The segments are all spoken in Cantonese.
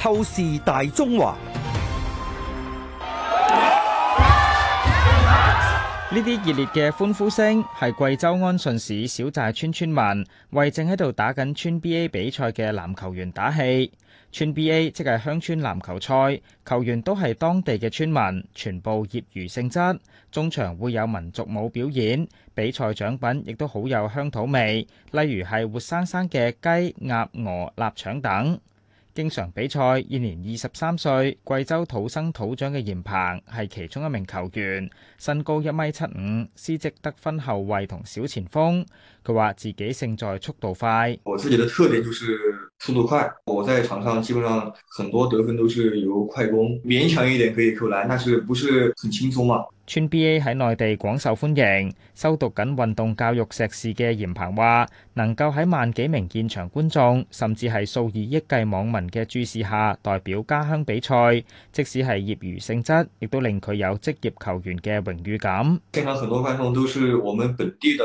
透視大中華，呢啲熱烈嘅歡呼聲係貴州安順市小寨村村民為正喺度打緊村 BA 比賽嘅籃球員打氣。村 BA 即係鄉村籃球賽，球員都係當地嘅村民，全部業餘性質。中場會有民族舞表演，比賽獎品亦都好有鄉土味，例如係活生生嘅雞、鴨、鵝、臘腸等。經常比賽，現年二十三歲，貴州土生土長嘅嚴鵬係其中一名球員，身高一米七五，司職得分後衛同小前鋒。佢話自己勝在速度快。我自己的特點就是。速度快，我在場上基本上很多得分都是由快攻，勉強一點可以扣籃，但是不是很輕鬆嘛？村 BA 喺內地廣受歡迎，修讀緊運動教育碩士嘅嚴鵬話：，能夠喺萬幾名現場觀眾，甚至係數以億計網民嘅注視下代表家鄉比賽，即使係業餘性質，亦都令佢有職業球員嘅榮譽感。現場很多觀眾都是我們本地的。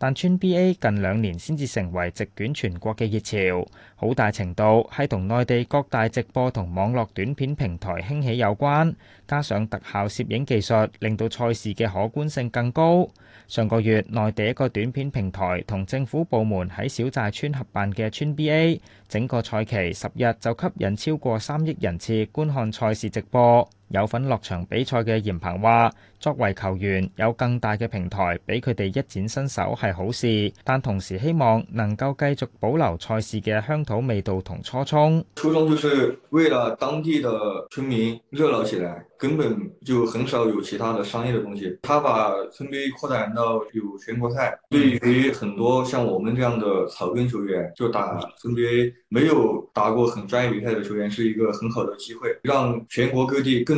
但村 B A 近兩年先至成為席捲全國嘅熱潮，好大程度係同內地各大直播同網絡短片平台興起有關。加上特效攝影技術，令到賽事嘅可觀性更高。上個月，內地一個短片平台同政府部門喺小寨村合辦嘅村 B A，整個賽期十日就吸引超過三億人次觀看賽事直播。有份落場比賽嘅嚴鵬話，作為球員有更大嘅平台俾佢哋一展身手係好事，但同時希望能夠繼續保留賽事嘅鄉土味道同初衷。初衷就是為了當地的村民熱鬧起來，根本就很少有其他的商業的東西。他把村 BA 擴展到有全國賽，對於很多像我們這樣的草根球員，就打村 BA 沒有打過很專業比賽嘅球員是一個很好的機會，讓全國各地更。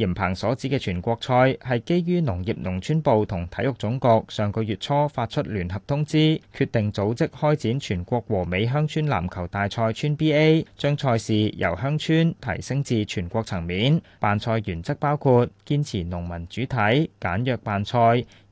嚴鵬所指嘅全國賽係基於農業農村部同體育總局上個月初發出聯合通知，決定組織開展全國和美鄉村籃球大賽（村 BA），將賽事由鄉村提升至全國層面。辦賽原則包括堅持農民主體、簡約辦賽，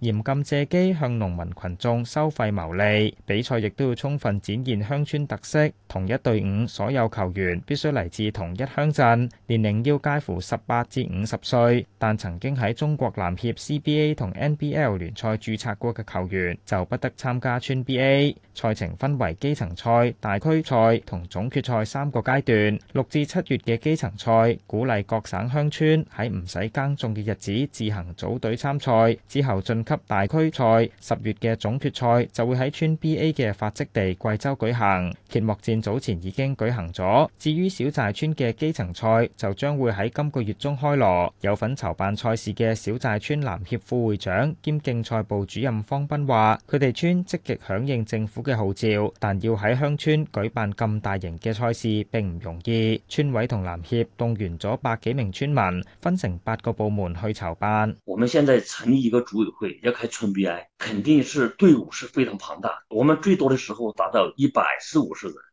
嚴禁借機向農民群眾收費牟利。比賽亦都要充分展現鄉村特色，同一隊伍所有球員必須嚟自同一鄉鎮，年齡要介乎十八至五十。歲，但曾經喺中國籃協 CBA 同 NBL 聯賽注冊過嘅球員就不得參加村 BA。賽程分為基層賽、大區賽同總決賽三個階段。六至七月嘅基層賽，鼓勵各省鄉村喺唔使耕種嘅日子自行組隊參賽，之後晉級大區賽。十月嘅總決賽就會喺村 BA 嘅發跡地貴州舉行。揭幕戰早前已經舉行咗，至於小寨村嘅基層賽就將會喺今個月中開鑼。有份籌辦賽事嘅小寨村籃協副會長兼競賽部主任方斌話，佢哋村積極響應政府嘅號召，但要喺鄉村舉辦咁大型嘅賽事並唔容易。村委同籃協動員咗百幾名村民，分成八個部門去籌辦。我們現在成立一個組委會，要開村 BA，肯定是隊伍是非常龐大。我們最多的時候達到一百四五十人。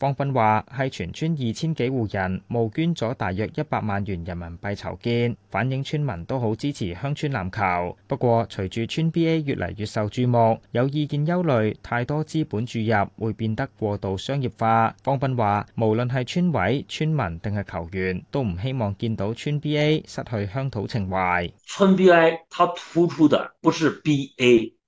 方斌話：係全村二千幾戶人募捐咗大約一百萬元人民幣籌建，反映村民都好支持鄉村籃球。不過，隨住村 BA 越嚟越受注目，有意見憂慮太多資本注入會變得過度商業化。方斌話：無論係村委、村民定係球員，都唔希望見到村 BA 失去鄉土情懷。村 BA 它突出的不是 BA，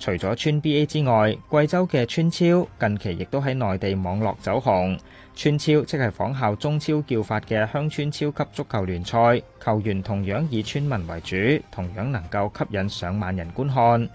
除咗川 B A 之外，貴州嘅川超近期亦都喺內地網絡走紅。川超即係仿效中超叫法嘅鄉村超級足球聯賽球員，同樣以村民為主，同樣能夠吸引上萬人觀看。